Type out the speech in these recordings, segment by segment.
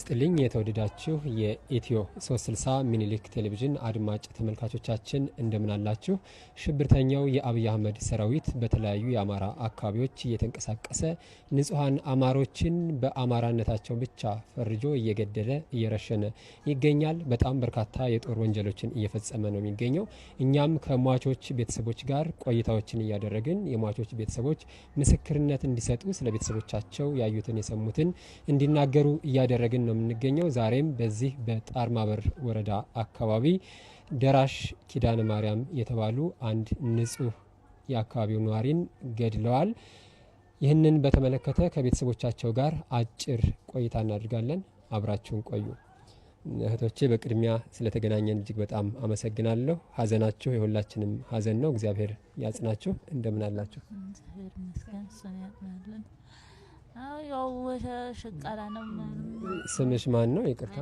ስጥልኝ የተወደዳችሁ የኢትዮ 360 ሚኒሊክ ቴሌቪዥን አድማጭ ተመልካቾቻችን እንደምን ሽብርተኛው የአብይ አህመድ ሰራዊት በተለያዩ የአማራ አካባቢዎች እየተንቀሳቀሰ ንጹሐን አማሮችን በአማራነታቸው ብቻ ፈርጆ እየገደለ እየረሸነ ይገኛል። በጣም በርካታ የጦር ወንጀሎችን እየፈጸመ ነው የሚገኘው። እኛም ከሟቾች ቤተሰቦች ጋር ቆይታዎችን እያደረግን የሟቾች ቤተሰቦች ምስክርነት እንዲሰጡ ስለ ቤተሰቦቻቸው ያዩትን የሰሙትን እንዲናገሩ እያደረግን ሁላችን ነው የምንገኘው። ዛሬም በዚህ በጣርማበር ወረዳ አካባቢ ደራሽ ኪዳነ ማርያም የተባሉ አንድ ንጹህ የአካባቢው ነዋሪን ገድለዋል። ይህንን በተመለከተ ከቤተሰቦቻቸው ጋር አጭር ቆይታ እናድርጋለን። አብራችሁን ቆዩ። እህቶቼ በቅድሚያ ስለተገናኘን እጅግ በጣም አመሰግናለሁ። ሀዘናችሁ የሁላችንም ሀዘን ነው። እግዚአብሔር ያጽናችሁ። እንደምን አላችሁ? ሽቀላ ነው። ስምሽ ማን ነው? ይቅርታ።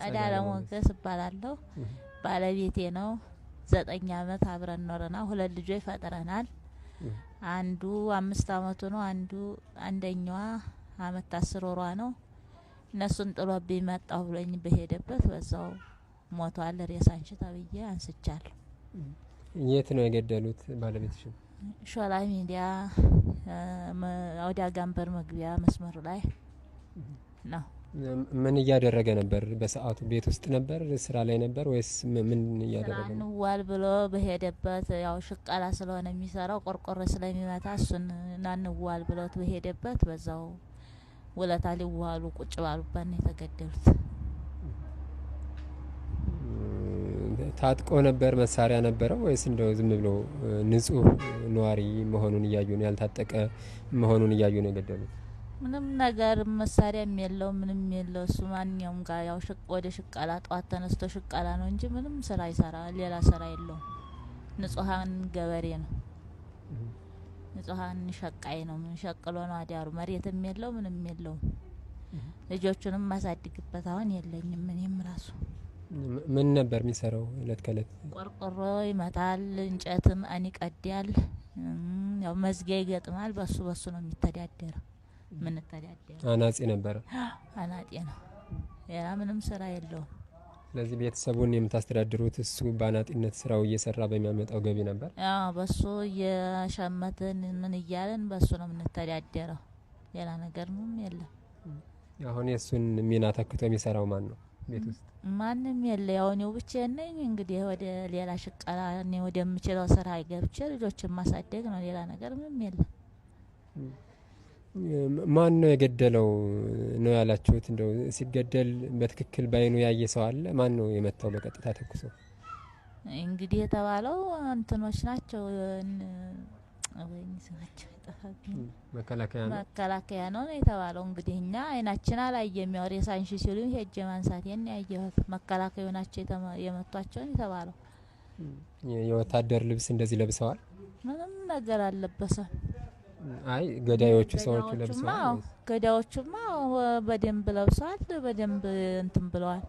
ጸዳለ ሞገስ እባላለሁ። ባለቤቴ ነው። ዘጠኝ አመት አብረን ኖረናል። ሁለት ልጆች ፈጥረናል። አንዱ አምስት አመቱ ነው። አንዱ አንደኛዋ አመት አስር ወሯ ነው። እነሱን ጥሎብኝ መጣሁ ብሎኝ በሄደበት በዛው ሞቷል። ሬሳ አንሺ ተብዬ አንስቻለሁ። የት ነው የገደሉት ባለቤትሽን? ሾላ ሚዲያ ወደ አጋንበር መግቢያ መስመር ላይ ነው። ምን እያደረገ ነበር በሰዓቱ? ቤት ውስጥ ነበር? ስራ ላይ ነበር ወይስ ምን እያደረገ ነው? እንዋል ብሎ በሄደበት ያው ሽቀላ ስለሆነ የሚሰራው ቆርቆሮ ስለሚመታ እሱን ናንዋል ብሎት በሄደበት በዛው ውለታ ሊዋሉ ቁጭ ባሉበት ነው የተገደሉት። ታጥቆ ነበር? መሳሪያ ነበረው? ወይስ እንደው ዝም ብሎ ንጹህ ነዋሪ መሆኑን እያዩ ነው ያልታጠቀ መሆኑን እያዩ ነው የገደሉት? ምንም ነገር መሳሪያም የለው ምንም የለው። እሱ ማንኛውም ጋር ያው ወደ ሽቃላ ጠዋት ተነስቶ ሽቃላ ነው እንጂ ምንም ስራ ይሰራ ሌላ ስራ የለውም። ንጹሀን ገበሬ ነው። ንጹሀን ሸቃይ ነው። ምን ሸቅሎ ነው አዲያሩ? መሬትም የለው ምንም የለውም። ልጆቹንም ማሳድግበት አሁን የለኝም እኔም ራሱ ምን ነበር የሚሰራው? እለት ከእለት ቆርቆሮ ይመታል እንጨትም አን ይቀዳል፣ ያው መዝጊያ ይገጥማል። በሱ በሱ ነው የሚተዳደረ የምንተዳደረው። አናጺ ነበረ። አናጤ ነው፣ ሌላ ምንም ስራ የለውም። ስለዚህ ቤተሰቡን የምታስተዳድሩት እሱ በአናጢነት ስራው እየሰራ በሚያመጣው ገቢ ነበር። በሱ እየሸመትን ምን እያለን በሱ ነው የምንተዳደረው። ሌላ ነገር ምንም የለም። አሁን የእሱን ሚና ተክቶ የሚሰራው ማን ነው? ቤት ውስጥ ማንም የለ። ያው እኔው ብቻዬን ነኝ። እንግዲህ ወደ ሌላ ሽቀላ እኔ ወደምችለው ስራ ገብቼ ልጆችን ማሳደግ ነው። ሌላ ነገር ምንም የለም። ማን ነው የገደለው ነው ያላችሁት? እንደው ሲገደል በትክክል ባይኑ ያየ ሰው አለ? ማን ነው የመታው በቀጥታ ተኩሶ? እንግዲህ የተባለው እንትኖች ናቸው መከላከያ ነው የተባለው። እንግዲህ እኛ አይናችን አላየም። ያው ሬሳንሽ ሲሉ ማንሳት ማንሳቴን ያየሁት መከላከያ ናቸው የመቷቸውን የተባለው። የወታደር ልብስ እንደዚህ ለብሰዋል። ምንም ነገር አልለበሰም። አይ ገዳዮቹ ሰዎቹ ለብሰዋል። ገዳዮቹማ በደንብ ለብሰዋል፣ በደንብ እንትን ብለዋል።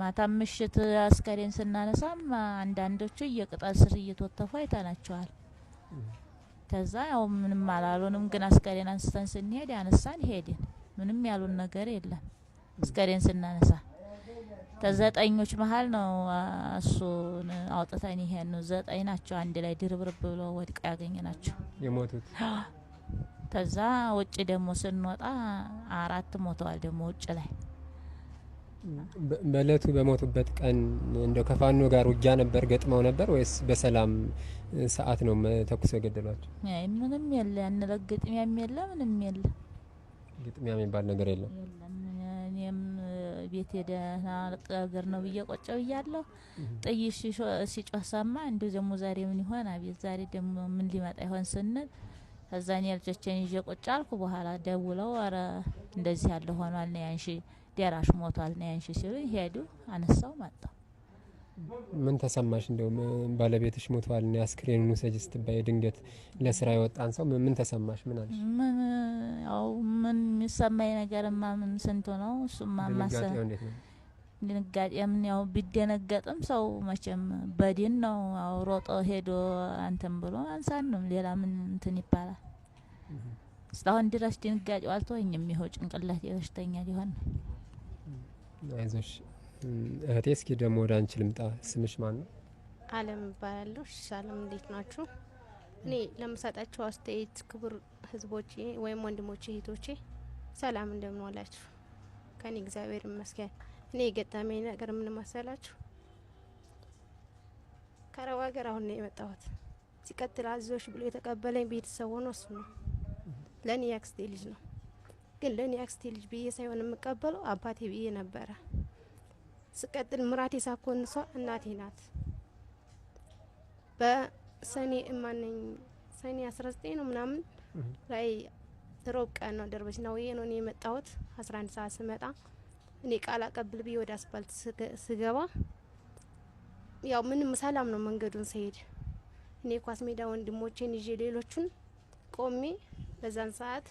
ማታም ምሽት አስከሬን ስናነሳም አንዳንዶቹ እየቅጠል ስር እየተወተፉ አይተናቸዋል። ከዛ ያው ምንም አላሉንም፣ ግን አስከሬን አንስተን ስንሄድ ያነሳን ሄድን። ምንም ያሉን ነገር የለም አስከሬን ስናነሳ። ከዘጠኞች መሀል ነው እሱን አውጥተን ይሄን ነው ዘጠኝ ናቸው አንድ ላይ ድርብርብ ብሎ ወድቀው ያገኘ ናቸው የሞቱት። ከዛ ውጭ ደግሞ ስንወጣ አራት ሞተዋል ደግሞ ውጭ ላይ በእለቱ በሞቱበት ቀን እንደው ከፋኖ ጋር ውጊያ ነበር ገጥመው ነበር ወይስ በሰላም ሰዓት ነው ተኩሶ የገደሏቸው? ምንም የለ ያንለ ግጥሚያም የለ ምንም የለ ግጥሚያ የሚባል ነገር የለም። እኔም ቤት የደህና አገር ነው ብዬ ቆጨ ብያለሁ። ጥይት ሲጮህ ሰማ። እንዲሁ ደግሞ ዛሬ ምን ይሆን አቤት፣ ዛሬ ደግሞ ምን ሊመጣ ይሆን ስንል ከዛኔ ልጆቼን ይዤ ቆጫ አልኩ። በኋላ ደውለው አረ እንደዚህ ያለ ሆኗል ነው ያንሺ ደራሽ ሞቷል ነው ያንሽ ሲሉኝ ሄዱ አነሳው መጣው። ምን ተሰማሽ? እንደውም ባለቤትሽ ሞቷል ና አስክሬኑን ውሰጂ ስትባይ ድንገት ለስራ የወጣን ሰው ምን ተሰማሽ? ምን አለሽ? ምን ያው ምን የሚሰማኝ ነገር ማምን ስንቱ ነው እሱማ ማሰ ድንጋጤ ምን ያው ቢደነገጥም ሰው መቼም በዲን ነው ያው ሮጦ ሄዶ አንተም ብሎ አንሳንም ሌላ ምን እንትን ይባላል። እስካሁን ድረስ ድንጋጤው አልተወኝም። ይኸው ጭንቅላት የበሽተኛ ሊሆን ነው። አይዞሽ እህቴ። እስኪ ደግሞ ወደ አንቺ ልምጣ። ስምሽ ማን ነው? አለም እባላለሁ። እሺ አለም፣ እንዴት ናችሁ? እኔ ለምሰጣቸው አስተያየት ክቡር ህዝቦቼ ወይም ወንድሞቼ እህቶቼ፣ ሰላም እንደምን ዋላችሁ? ከኔ እግዚአብሔር ይመስገን። እኔ የገጠመኝ ነገር ምን መሰላችሁ? ከአረብ ሀገር አሁን ነው የመጣሁት። ሲቀጥል አዞሽ ብሎ የተቀበለኝ ቤተሰብ ሆኖ እሱ ነው፣ ለእኔ ያክስቴ ልጅ ነው ግን ለእኔ አክስቴ ልጅ ብዬ ሳይሆን የምቀበለው አባቴ ብዬ ነበረ። ስቀጥል ምራቴ ሳኮን እሷ እናቴ ናት። በሰኔ እማነኝ ሰኔ አስራ ዘጠኝ ነው ምናምን ላይ ሮብ ቀን ነው ደርበች ነው ይሄ ነው እኔ የመጣሁት። አስራ አንድ ሰዓት ስመጣ እኔ ቃል አቀብል ብዬ ወደ አስፋልት ስገባ ያው ምንም ሰላም ነው መንገዱን ስሄድ እኔ ኳስ ሜዳ ወንድሞቼን ይዤ ሌሎቹን ቆሜ በዛን ሰዓት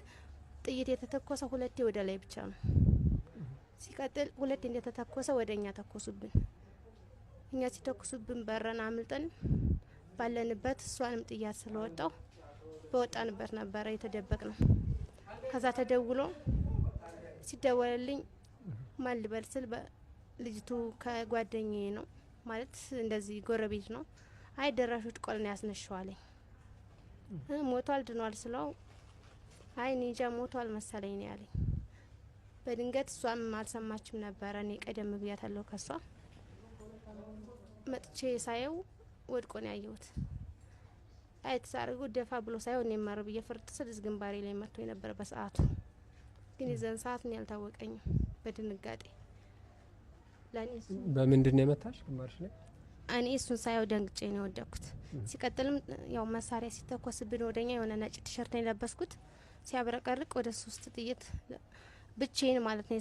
ጥይት የተተኮሰ ሁለቴ ወደ ላይ ብቻ ነው። ሲቀጥል ሁለቴ እንደተተኮሰ ወደ እኛ ተኮሱብን። እኛ ሲተኩሱብን በረን አምልጠን ባለንበት እሷንም ጥያት ስለወጣው በወጣንበት ነበረ የተደበቅ ነው። ከዛ ተደውሎ ሲደወልልኝ ማን ልበል ስል ልጅቱ ከጓደኛዬ ነው ማለት እንደዚህ ጎረቤት ነው። አይ ደራሹ ድቆልን ያስነሸዋለኝ ሞቷል ድኗል ስለው አይ ኒጃ ሞቷል መሰለኝ ነው ያለኝ። በድንገት እሷም አልሰማችም ነበረ። እኔ ቀደም ብያታለሁ። ከሷ መጥቼ ሳየው ወድቆ ነው ያየሁት። አይተስ ደፋ ብሎ ሳይሆን እኔ መረብ እየፈርጥ ስድስት ግንባሬ ላይ መጥቶ የነበረ በሰዓቱ ግን የዘን ሰዓት ነው ያልታወቀኝም በድንጋጤ በምንድን ነው የመታሽ ግንባርሽ ላይ? እኔ እሱን ሳየው ደንግጬ ነው የወደኩት። ሲቀጥልም ያው መሳሪያ ሲተኮስብን ወደኛ የሆነ ነጭ ቲሸርት ነው የለበስኩት ሲያብረቀርቅ ወደ ሶስት ጥይት ብቼን ማለት ነው